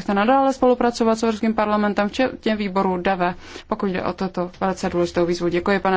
chcete nadále spolupracovat s Evropským parlamentem, včetně výboru DAVE, pokud jde o toto velice důležitou výzvu. Děkuji, pane